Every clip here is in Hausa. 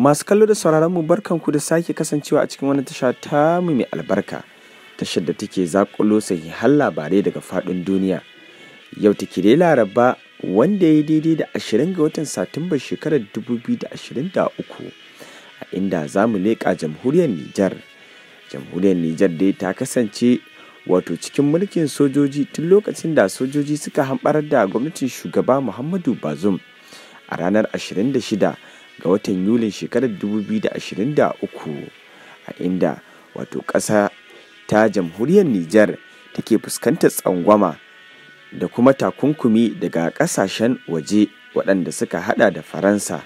Masu kallo da sauraron mu barkan ku da sake kasancewa a cikin wani tasha ta mu mai albarka. Tashar da take zakulo sahihan labarai daga faɗin duniya. Yau take dai Laraba wanda ya daidai da 20 ga watan Satumba shekarar 2023 a inda za mu leƙa jamhuriyar Nijar. Jamhuriyar Nijar dai ta kasance wato cikin mulkin sojoji tun lokacin da sojoji suka hamɓarar da gwamnatin shugaba Muhammadu bazum a ranar 26 ga watan yulin shekarar 2023 a inda wato ƙasa ta jamhuriyar Nijar take fuskantar tsangwama da kuma takunkumi daga ƙasashen waje waɗanda suka hada da Faransa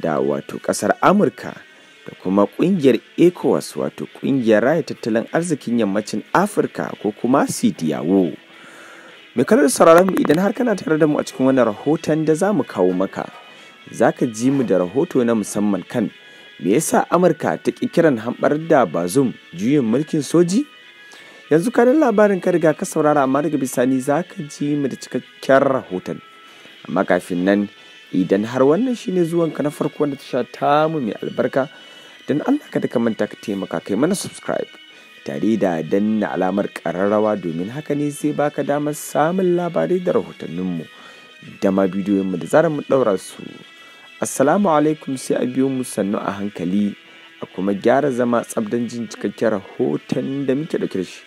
da wato ƙasar Amurka da kuma ƙungiyar ECOWAS wato ƙungiyar raya tattalin arzikin yammacin Afirka ko kuma CDAO. Mai kalar sauraron idan har kana tare da mu a cikin wannan rahoton da za mu kawo maka. za ka ji mu da rahoto na musamman kan me yasa Amurka ta ƙi kiran hambar da bazum juyin mulkin soji? Yanzu kanin labarin ka riga ka saurara amma daga bisani za ka ji mu da cikakken rahoton. Amma kafin nan idan har wannan shine zuwanka na farko wanda sha tamu mai albarka don Allah ka da manta ka taimaka kai mana subscribe. tare da danna alamar ƙararrawa domin haka ne zai baka damar samun labarai da rahotanninmu da ma bidiyoyinmu da zarar mu ɗaura su. Assalamu alaikum sai a biyo mu sannu a hankali a kuma gyara zama tsabdan jin cikakken rahoton da muke ɗauke da shi.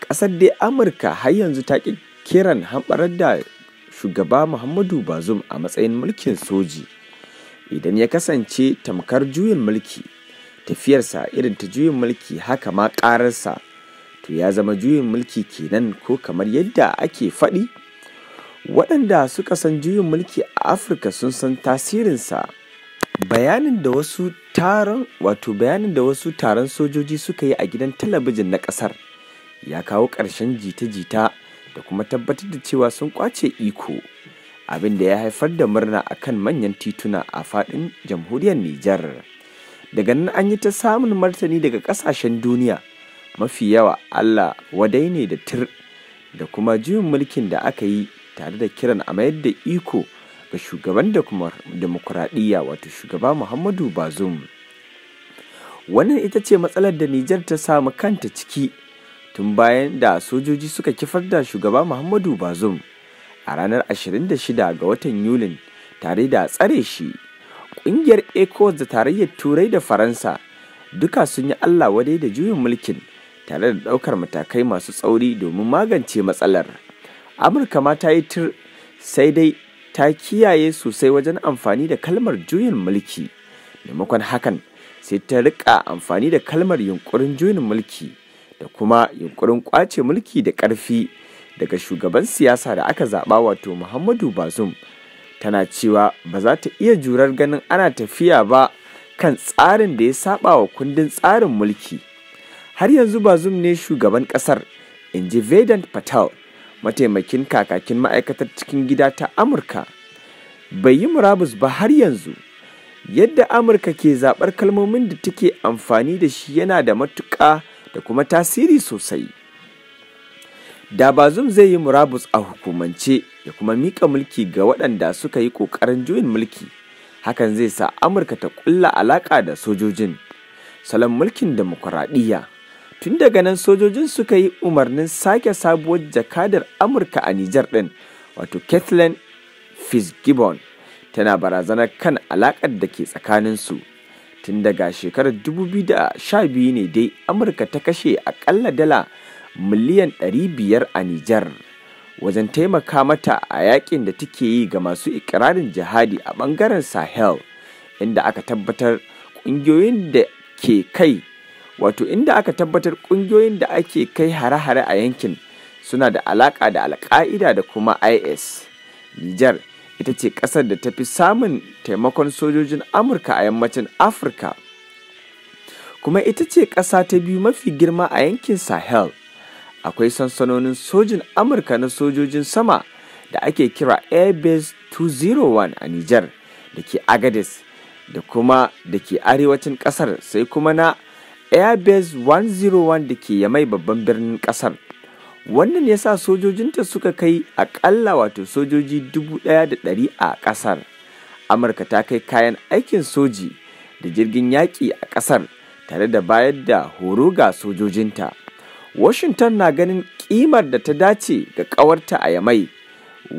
Ƙasar dai Amurka har yanzu ta ƙi kiran hamɓarar da shugaba Muhammadu Bazum a matsayin mulkin soji idan ya kasance tamkar juyin mulki tafiyarsa irin ta juyin mulki haka ma ƙararsa to ya zama juyin mulki kenan ko kamar yadda ake faɗi. waɗanda suka san juyin mulki a afirka sun san tasirinsa bayanin da wasu taron wato bayanin da wasu taron sojoji suka yi a gidan talabijin na ƙasar ya kawo ƙarshen jita-jita da kuma tabbatar da cewa sun kwace iko abin da ya haifar da murna a kan manyan tituna a faɗin jamhuriyar nijar daga nan an yi ta samun martani daga ƙasashen duniya mafi yawa allah wadai ne da tir da kuma juyin mulkin da aka yi tare da kiran a mayar da iko ga shugaban da kuma demokuraɗiyya wato shugaba muhammadu bazum wannan ita ce matsalar da nijar ta samu kanta ciki tun bayan da sojoji suka kifar da shugaba muhammadu bazum a ranar 26 ga watan yulin tare da tsare shi ƙungiyar ecos da tarayyar turai da faransa duka sun yi allah wadai da juyin mulkin tare da ɗaukar matakai masu tsauri domin magance matsalar amurka ma ta yi tir sai dai ta kiyaye sosai wajen amfani da kalmar juyin mulki maimakon hakan sai ta rika amfani da kalmar yunkurin juyin mulki da kuma yunkurin kwace mulki da ƙarfi daga shugaban siyasa da aka zaɓa wato muhammadu bazum tana cewa ba za ta iya jurar ganin ana tafiya ba kan tsarin da ya saba wa kundin tsarin mulki har yanzu bazum ne shugaban ƙasar in ji vedant patel mataimakin kakakin ma'aikatar cikin gida ta amurka bai yi murabus ba har yanzu yadda amurka ke zaɓar kalmomin da take amfani da shi yana da matuƙa da kuma tasiri sosai da bazum zai yi murabus a hukumance ya kuma miƙa mulki ga waɗanda suka yi ƙoƙarin juyin mulki hakan zai sa amurka ta ƙulla alaƙa da sojojin salon mulkin demokuraɗiyya tun daga nan sojojin suka yi umarnin sake sabuwar jakadar amurka a nijar din wato kathleen fitzgibbon tana barazanar kan alaƙar da ke su tun daga shekarar 2012 ne dai amurka ta kashe akalla dala miliyan 500 a nijar wajen taimaka mata a yakin da take yi ga masu ikirarin jihadi a bangaren sahel inda aka tabbatar ƙungiyoyin da ke kai wato inda aka tabbatar ƙungiyoyin da ake kai hare-hare a yankin suna da alaƙa da alƙa'ida da kuma is nijar ita ce ƙasar da ta fi samun taimakon sojojin amurka a yammacin afirka kuma ita ce ƙasa ta biyu mafi girma a yankin sahel akwai sansanonin sojin amurka na sojojin sama da ake kira airbase 201 a nijar da ke agades da kuma da ke arewacin ƙasar sai kuma na airbase 101 da ke yamai babban birnin kasar wannan ya sa sojojinta suka kai akalla wato sojoji 1,100 a kasar amurka ta kai kayan aikin soji da jirgin yaƙi a kasar tare da bayar da horo ga sojojinta washington na ganin kimar da ta dace ga kawarta a yamai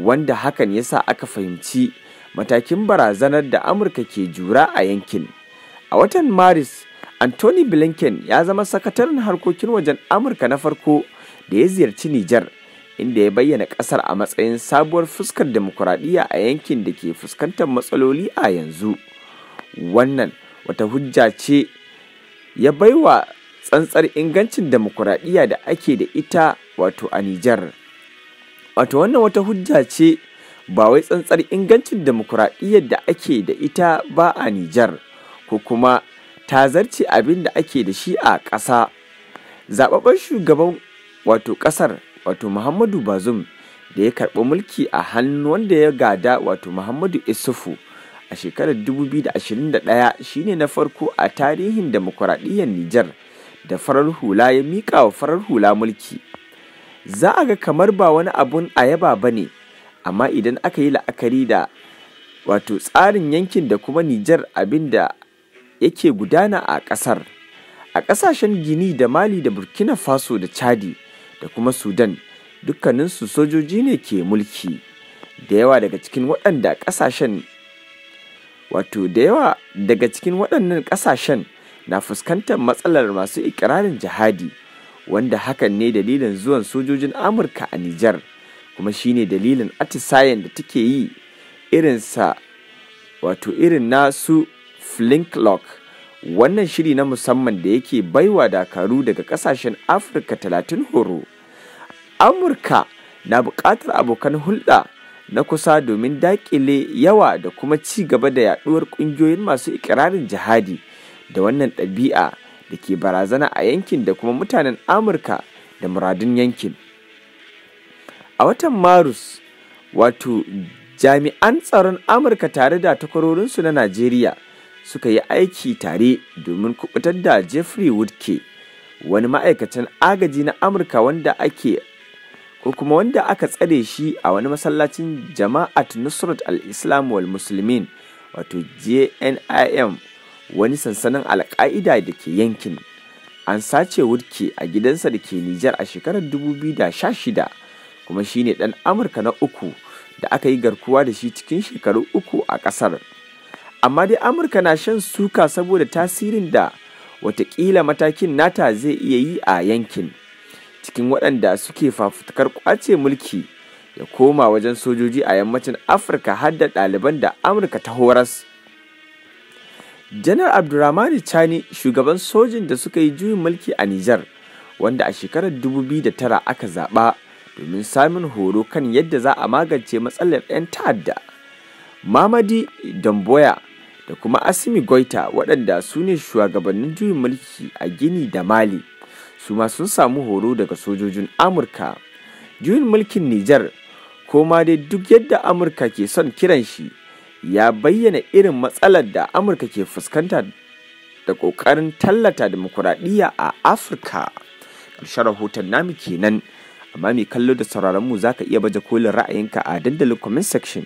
wanda hakan ya sa aka fahimci matakin barazanar da amurka ke jura a yankin a watan maris Anthony Blinken ya zama sakataren harkokin wajen Amurka na farko da ya ziyarci Nijar, inda ya bayyana ƙasar a matsayin sabuwar fuskar demokuraɗiyya a yankin da ke fuskantar matsaloli a yanzu. Wannan wata hujja ce ya baiwa tsantsar ingancin demokuraɗiyya da ake da ita wato a Nijar. Wato wannan wata hujja ce ba wai tsantsar ingancin demokuraɗiyyar da ake da ita ba a Nijar ko kuma ta zarce abin da ake da shi a ƙasa zababben shugaban wato ƙasar wato muhammadu bazum da ya karɓi mulki a hannu wanda ya gada wato muhammadu isufu a shekarar 2021 shine na farko a tarihin demokuraɗiyyar nijar da farar hula ya miƙa wa farar hula mulki za a ga kamar ba wani abun a yaba ba ne amma idan aka yi la'akari da wato tsarin yankin da kuma nijar abin da yake gudana a ƙasar a ƙasashen gini da mali da burkina faso da chadi da kuma sudan dukkaninsu sojoji ne ke mulki da yawa daga cikin waɗanda ƙasashen wato da yawa daga cikin waɗannan ƙasashen na fuskantar matsalar masu ikirarin jihadi wanda hakan ne dalilin zuwan sojojin amurka a nijar kuma shine dalilin atisayen da take yi irinsa wato irin nasu Flintlock. Wannan shiri na musamman da yake baiwa dakaru daga kasashen Afirka talatin horo. Amurka na buƙatar abokan hulɗa na kusa domin daƙile yawa da kuma ci gaba da yaɗuwar ƙungiyoyin masu ikirarin jihadi da wannan ɗabi'a da ke barazana a yankin da kuma mutanen Amurka da muradun yankin. A watan Marus, wato jami'an tsaron Amurka tare da takwarorinsu na Najeriya. suka yi aiki tare domin kubutar da Jeffrey Woodke wani ma'aikacin agaji na Amurka wanda ake ko kuma wanda aka tsare shi a wani masallacin jama'at Nusrat al-Islam wal Muslimin wato JNIM wani sansanin alka'ida da ke yankin an sace Woodke a gidansa da ke Nijar a shekarar 2016 kuma shine dan Amurka na uku da aka yi garkuwa da shi cikin shekaru uku a ƙasar. amma dai amurka na shan suka saboda tasirin da watakila matakin nata zai iya yi a yankin cikin waɗanda suke fafutukar kwace mulki ya koma wajen sojoji a yammacin afirka har da ɗaliban da amurka ta horas janar abdulrahman chani shugaban sojin da suka yi juyin mulki a nijar wanda a shekarar 2009 aka zaɓa domin samun horo kan yadda za a magance matsalar 'yan ta'adda mamadi damboya da kuma asimi goita waɗanda su ne shugabannin juyin mulki a gini da mali su ma sun samu horo daga sojojin amurka juyin mulkin nijar ko ma dai duk yadda amurka ke son kiran shi ya bayyana irin matsalar da amurka ke fuskanta da ƙoƙarin tallata demokuraɗiyya a afirka ƙarshen rahoton namu kenan amma mai kallo da sauraron mu zaka iya baje kolin ra'ayinka a dandalin comment section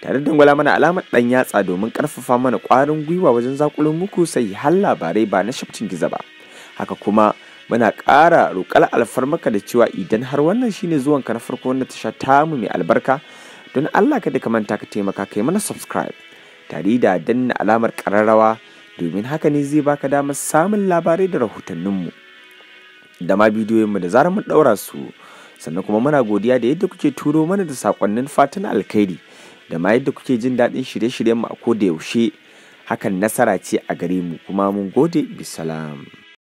tare da gwala mana alamar ɗan yatsa domin karfafa mana kwarin gwiwa wajen zakulun muku sai har labarai ba na shafcin giza ba. Haka kuma muna ƙara roƙar alfarmaka da cewa idan har wannan shine zuwan ka na farko wanda tasha tamu mai albarka don Allah ka da ka manta ka taimaka kai mana subscribe tare da danna alamar ƙararrawa domin haka ne zai baka damar samun labarai da rahotanninmu da ma bidiyoyinmu da zarar mun ɗaura su sannan kuma muna godiya da yadda kuke turo mana da saƙonnin fatan alkhairi da ma yadda kuke jin daɗin shirye mu a koda yaushe hakan nasara ce a gare mu kuma mun gode bisalam